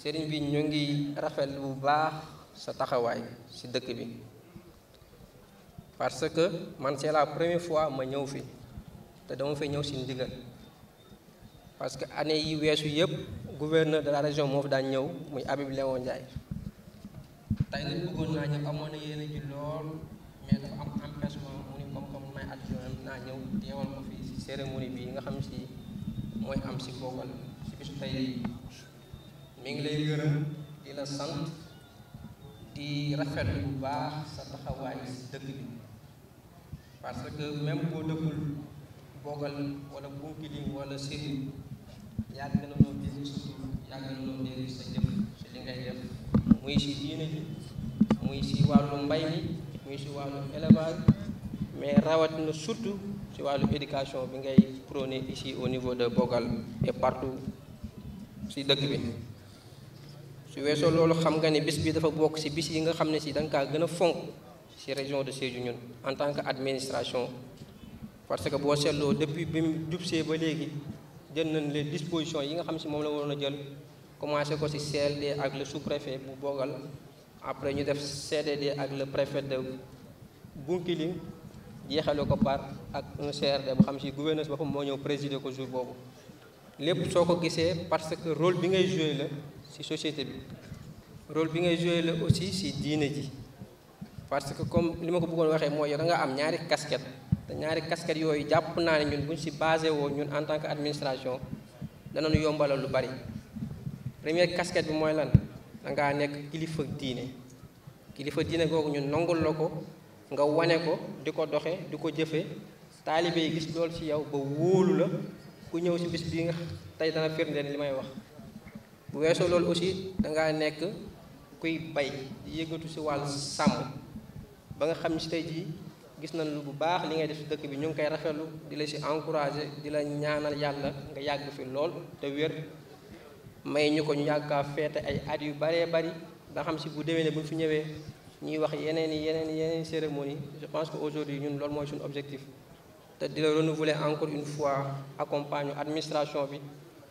sëriñ bi ñu ngi rafet bu baax sa taxawaay si dëkk bi parce que man c'est la première fois ma ñëw fi te dama fi ñëw ci ndigal parce que année yi weesu yëpp gouverneur de la région moo fi daan ñëw muy Habib Léon Ndiaye tey bëggoon naa ñëw amoon na yéene ji lool mais dafa am empêchement mu ni comme comme may adjoint naa ñëw teewal ma fii ci cérémonie bi nga xam si mooy am si bokkal ci bisu tey mi ngi lay gërëm di la sant di rafetlu bu baax sa taxawaay si dëkk bi parce que même boo dëkkul Bogal wala Bounkiling wala Sédhiou yàgg na noo déglu sa si li ngay muy si wàllu mbay mi si wàllu élevage mais rawatina surtout ci wàllu éducation bi ngay prôné ici au niveau de Bogal et partout ci dëkk bi su weesoo loolu xam nga ne bis bi dafa bokk si bis yi nga xam ne si da kaa gën a fonk si région de Sédhiou ñun en tant que administration parce que boo seetloo depuis bi mu jubsee ba léegi jël nañ les dispositions yi nga xam si moom la waroon a jël commencé ko si CLD ak le sous-préfet bu Bogal après ñu def CDD ak le préfet de Bunkiling jeexale ko par ak un CRD bu xam si gouverneur ba fa moo ñëw présider ko jour boobu lépp soo ko gisee parce que rôle bi ngay joué la ci société bi rôle bi ngay joué la aussi ci diine ji parce que comme li ma ko bëggoon waxee mooy da nga am ñaari casquette te ñaari casquette yooyu jàpp naa ne ñun buñ ci basé woo ñun en tant que administration danañu yombalal lu bari première casquette bi mooy lan da ngaa nekk kilifa diine kilifa diine googu ñun nangul la ko nga wane ko di ko doxee di ko jëfee taalibe yi gis loolu ci yow ba wóolu la ku ñëw ci bis bii nga tey dana firndeel li may wax bu weesoo loolu aussi da nga nek kuy bay di ci wal sam ba nga xam ci tay ji gis nañ lu bu baax li ngay def si dëkk bi ñu ngi koy rafetlu di la si encouragé di la ñaanal yàlla nga yàgg fi lool te wér may ñu ko ñu yàgg kaa feete ay at yu bare bari ba xam si bu ne bu ñu fi ñëwee ñuy wax yeneen i yeneen yeneen cérémonie je pense que aujourd'hui ñun loolu mooy suñu objectif te di la renouveler encore une fois accompagne administration bi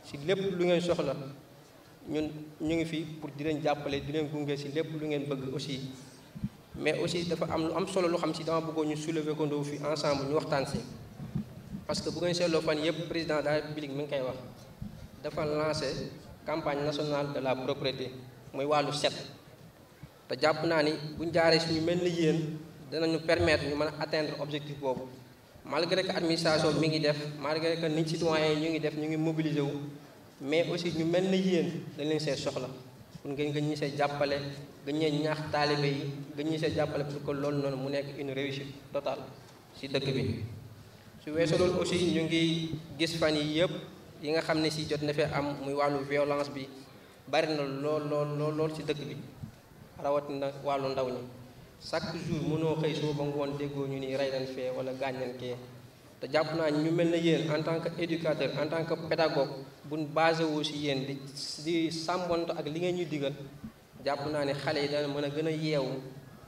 si lépp lu ngeen soxla ñun ñu ngi fi pour di leen jàppale di leen gunge si lépp lu ngeen bëgg aussi mais aussi dafa am lu am solo lu xam si dama bëggoon ñu soulever ko ndaw fi ensemble ñu waxtaan si parce que bu ngeen seetloo fan yëpp président de la république mi ngi koy wax dafa lancé campagne nationale de la propreté muy wàllu set te jàpp naa ni buñ jaaree suñu mel ni yéen danañu permettre ñu mën a atteindre objectif boobu malgré que administration mi ngi def malgré que nit citoyen ñu ngi def ñu ngi mobiliser wu mais aussi ñu mel na yéen dañ leen see soxla pour ngeen gën ñi see jàppale gën ñee ñaax yi gën ñu see jàppale pour que loolu noonu mu nekk une réussite totale ci dëkk bi su weesoo loolu aussi ñu ngi gis fan yi yëpp yi nga xam ne si jot na fee am muy wàllu violence bi bari na lool lool lool lool si dëkk bi rawatina wàllu ndaw ñi chaque jour mënoo xëy soo ba ngoon déggoo ñu ni rey nañ fee wala gaañ nañ kee te jàpp naa ñu mel ne yéen en tant que éducateur en tant que pédagogue bu basé wu si yéen di di sàmmonte ak li ngeen ñuy digal jàpp naa ne xale yi dana mën a gën a yeewu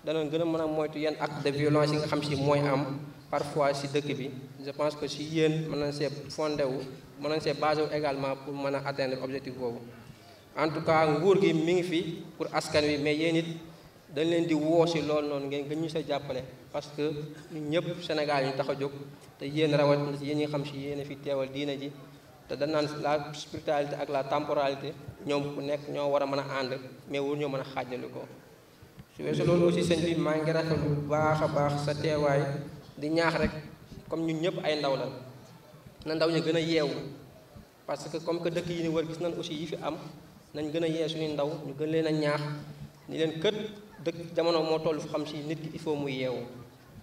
dana gën a mën a moytu yenn ak de violence yi nga xam si mooy am parfois si dëkk bi je pense que si yéen mën nañ see fondé wu mën nañ see basé wu également pour mën a atteindre objectif boobu en tout cas nguur gi mi ngi fi pour askan wi mais yéen it dañ leen di woo si loolu noonu ngeen gën ñu sa jàppale parce que ñun ñëpp Sénégal yi tax a jóg te yéen rawatina si yéen ñi xam si yéen fi teewal diina ji te dañ naan la spiritualité ak la temporalité ñoom ku nekk ñoo war a mën a ànd mais wur ñoo mën a xaajali ko su weesoo loolu aussi sëñ bi maa ngi rafetlu bu baax a baax sa teewaay di ñaax rek comme ñun ñëpp ay ndaw la na ndaw ñu gën a yeewu parce que comme que dëkk yi ni war gis nañ aussi yi fi am nañ gën a yee suñuy ndaw ñu gën leen a ñaax ñu leen kët dëkk jamono moo toll fu xam si nit ki il faut muy yeewu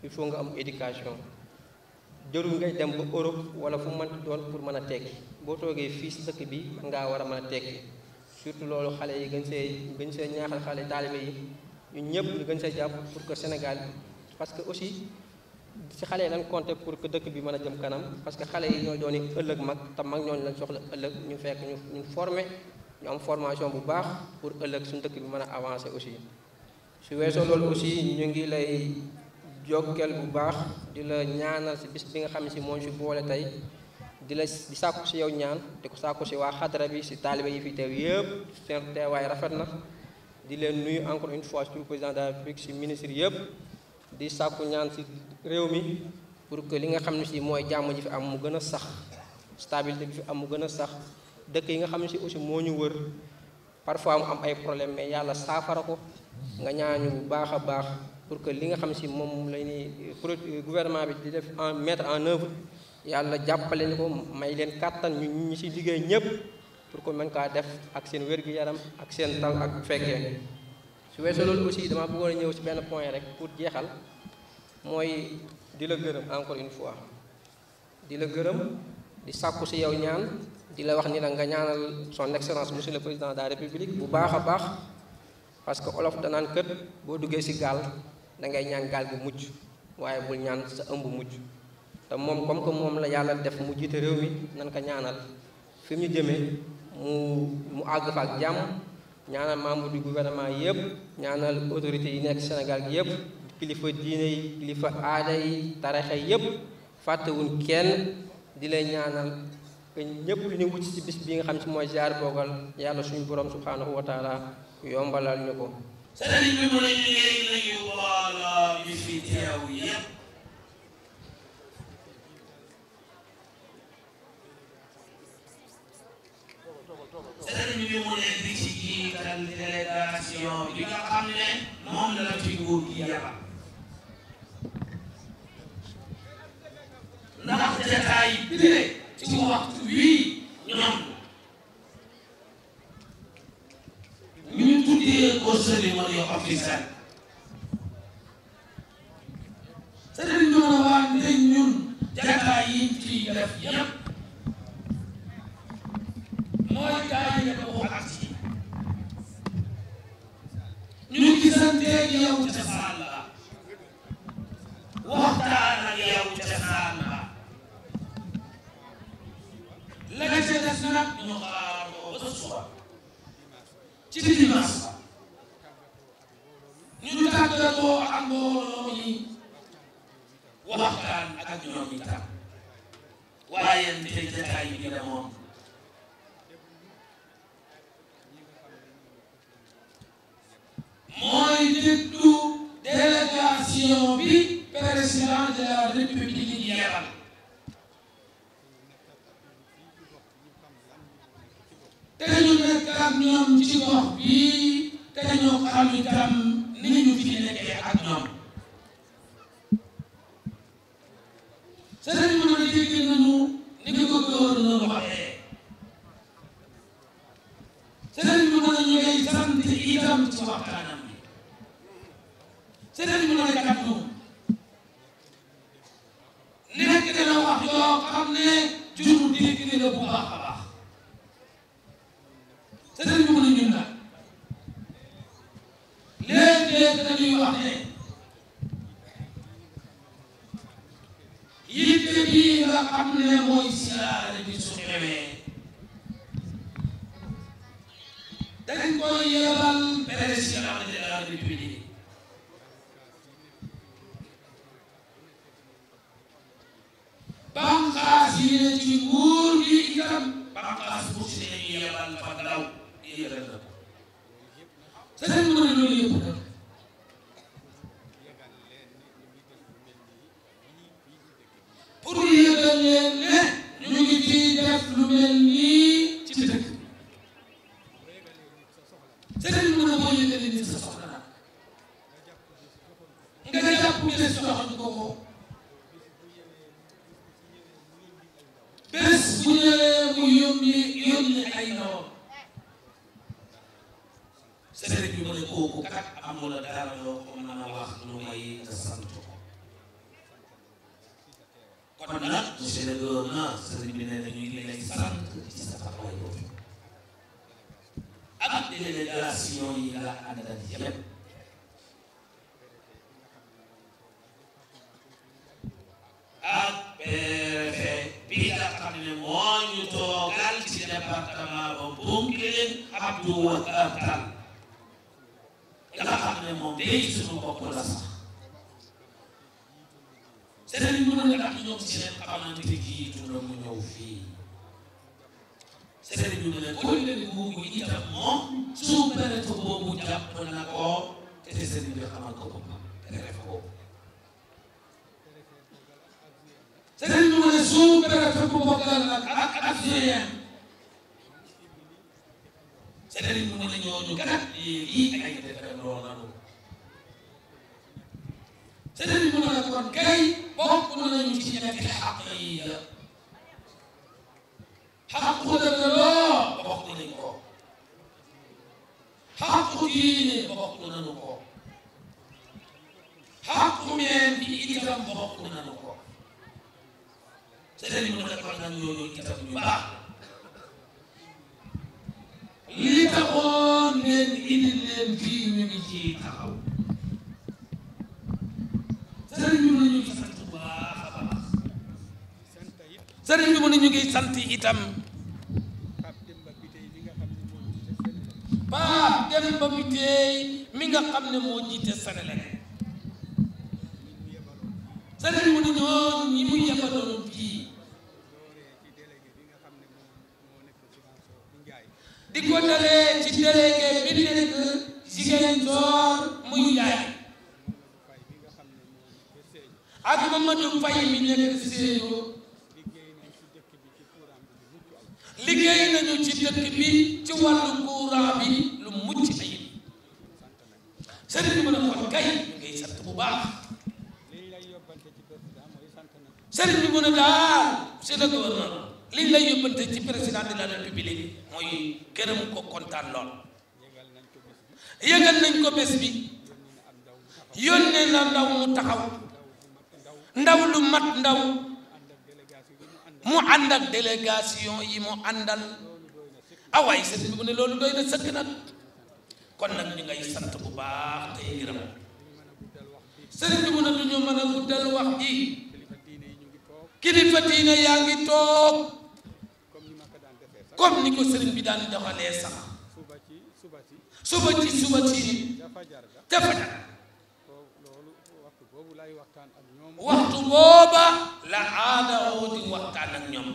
il faut nga am éducation jërul ngay dem ba Europe wala fu mën doon pour mën a tekki boo toogee fii si dëkk bi ngaa war a mën a tekki surtout loolu xale yi gën see gën see ñaaxal xale taalibe yi ñun ñëpp ñu gën see jàpp pour que Sénégal parce que aussi si xale yi lañ compté pour que dëkk bi mën a jëm kanam parce que xale yi ñooy dooni ëllëg mag te mag ñooñu lañ soxla ëllëg ñu fekk ñu ñu formé ñu am formation bu baax pour ëllëg suñu dëkk bi mën a avancé aussi su weesoo loolu aussi ñu ngi lay jokkeel bu baax di la ñaanal si bis bi nga xam ne si moo si boole tey di la di ñaan di ko sàkku si waa xadara bi si taalibe yi fi teew yëpp seen teewaay rafet na di leen nuyu encore une fois sur président de la yëpp di sàkku ñaan si réew mi pour li nga xam ne si mooy jàmm ji fi am mu gën a sax stabilité fi am mu gën a sax dëkk yi nga xam si aussi moo ñu wër parfois mu am ay problème mais yàlla saafara ko nga ñaañu bu baax a baax pour que li nga xam si moom la ñuy gouvernement bi di def en mettre en œuvre yàlla jàppale ni ko may leen kàttan ñu ñu si liggéey ñëpp pour que mën kaa def ak seen yaram ak seen tal ak fekkee su weesoo loolu aussi dama bëggoon a ñëw si benn point rek pour jeexal mooy di la gërëm encore une fois di la gërëm di sàkku si yow ñaan di la wax ni la nga ñaanal son excellence monsieur le président de la république bu baax a baax parce que olof danaan kët boo duggee si gaal da ngay ñaan gaal gi mucc waaye bul ñaan sa ëmb mucc te moom comme que moom la yàlla def mu jiite réew mi nan ko ñaanal fi mu ñu jëmee mu mu àgg nyana ak jàmm ñaanal membre du gouvernement yëpp ñaanal autorités yi nekk Sénégal gi yëpp kilifa diine yi kilifa aada yi tarixa yëpp fàttewuñ kenn di lay ñaanal que ñëpp lu ñu bis bi nga xam mooy ziar boogal yàlla suñu borom subhanahu wa taala yombalal ñu ko sëriñ bi mu ne ñu ngi rek nañu wala ñu fi teew yépp sëriñ bi mu ne di ci jiital délégation bi nga xam ne moom la ci nguur gi yaba ndax jataay bi ci waxtu wii ñoom وسلم واليوم في ذلك sëriñ bi ma waa ne ñun jataay yi ciy def yëpp mooy daay nga ko wax ci ñu gisanteeg yow ca saal ba waxtaan ak yow ca saal ba la ca des nag ñu xaar ko ba suba ci dimanche mbooloo yi waxtaan ak ñoom itam waaye te jataay bi la moom mooy déglu délégation bi de la ci gox bi te xam itam ni ñu fi nañu ni ko gouverneur waxee sëriñ bi mu ne ñu ngay sant itam ci waxtaanam bi sëriñ bi mu ne kat moom nekk dina wax yoo xam ne jur dégg ne la bu baax a baax sëriñ bi mu ne ñun nag léeg-léeg dañuy wax ne xam ne mooy siyaare bi su xewee dañ koy yebal président de la république banqaas yi ne ci nguur gi itam banqaas bu si ne yebal fa ndaw yebal na ko sëñ mu ne loolu yëpp monsieur le gouverneur sëriñ bi nee na ñu ngi lay sant ci sa taxawaay boobu ak délégation yi nga àndal yépp sëriñ bi mënoon na tax ñoom seen xamante gi turam mu ñëw fii sëriñ bi mu ne ko leen googu itam moom suñu bëreet boobu jàpp na ko te sëriñ bi xamal ko boppam bëreet boobu. sëriñ bi mu ne suñu bëreet bu bokkal ak ak ak Julien sëriñ bi mu ne ñooñu kat lii ay defar lool nanu sëriñ bi mu ne kon kay. قلنا يمكنك الحقيقة حق قدرنا لا بقول لك حق ديني بقول لك حق من بإيدك بقول لك سيدي من القرآن يقول كتاب يباح لتقون من إلى الدين من جيتاو سيدي من القرآن sëriñ bi mu ne ñu ngi sant itam Pape Demba Bitèye mi nga xam ne moo jiite Senelec sëriñ bi mu ne ñoo ñi mu yebaloon fii di ko dalee ci délégué bi nekk jigéen door muy yaay ak Mamadou Faye mi nekk Sédhiou liggéey nañu ci dëkk bi ci wàllu courant bi lu mucc ayib sëriñ bi mën a kon kay ñu ngay sant bu baax sëriñ bi mën a daal monsieur le gouverneur liñ lay yóbbante ci président de la république mooy gërëm ko kontaan lool yëgal nañ ko bés bi yónnee na ndaw mu taxaw ndaw lu mat ndaw mu ànd ak délégation yi mu àndal awaay ah sëriñ bi mu ne lool doy na sëkk nag kon nag ñu ngay sant bu baax tey gërëm sëriñ bi mu ne du ñu mën a guddal wax ji kilifa diine yaa ngi toog comme ni ko sëriñ bi daan doxalee sax suba ci suba ci dafa jar waxtu booba la aada oo di waxtaan ak ñoom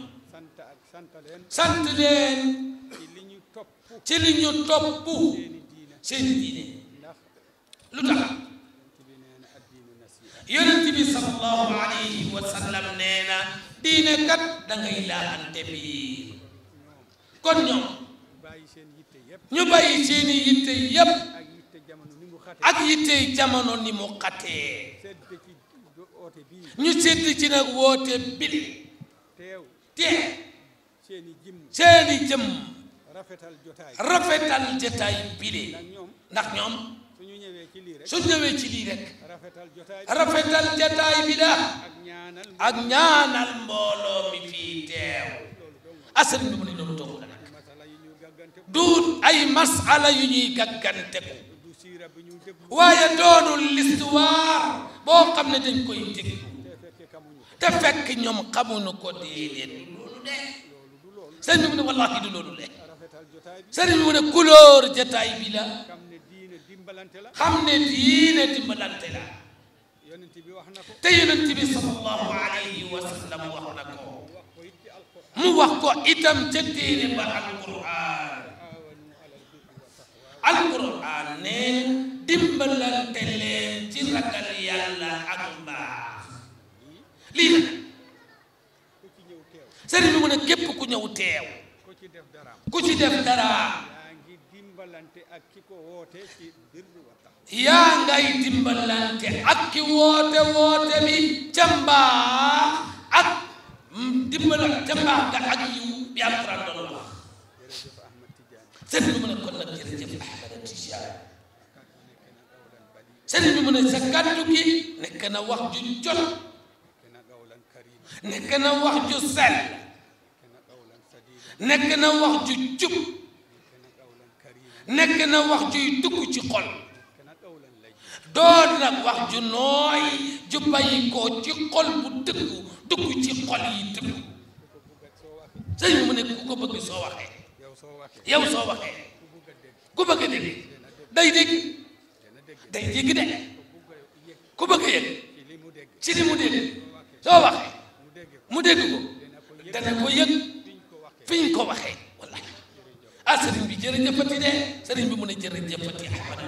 sant leen ci li ñu topp seen diine lu tax yonent bi sallallahu alayhi wa sallam nee na diine kat da ngay laalante biir kon ñoom ñu bàyyi seeni yitte yépp ak yitte jamono ni mu xatee ñu sédd ci nag woote bili teew seeni jëmm seeni jëmm rafetal jotaay rafetal jotaay bile ndax ñoom suñu ñëwee ci lii rek suñu ci lii rafetal jotaay bi la ak ñaanal mbooloo mi fii teew asal bi mu ne loolu toog la nag duut ay masala yu ñuy gàgganteku waaye doonul l'histoire boo xam ne dañ koy dégg te fekk ñoom xamuñu ko déedéet loolu de sëriñ bi mu ne wallahi du loolu de sëriñ bi mu ne couleur jataay bi la xam ne diine dimbalante la te yonent bi sallallahu alayhi wa sallam wax na ko mu wax ko itam ca téere ba alquran alquran ne dimbalante leen ci ragal yàlla ak mbaax lii nag sëriñ mu ne képp ku ñëw teew ku ci def dara yaa ngay dimbalante ak ki woote woote bi ca ak dimbalante ca mbaax nga ak yiw bi alquran doon sëriñ bi mu ne kon nag jërëjëf Ahmada Tijaan sëriñ bi mu ne sa kàddu gi na wax ju jot nekk na wax ju sell nekk na wax ju jub nekk na wax juy dugg ci xol doon nag wax ju nooy ju bàyyi koo ci xol bu dëggu dugg ci xol yi dëggu sëriñ bi mu ne ku ko bëgg soo waxee yow soo waxee ku bëgg dégg day dégg day dégg de ku bëgg yëg ci li mu dégg soo waxee mu dégg ko dana ko yëg fi ko waxee wallahi ah sëriñ bi jërëjëfati de sëriñ bi mu ne jërëjëfati ahmad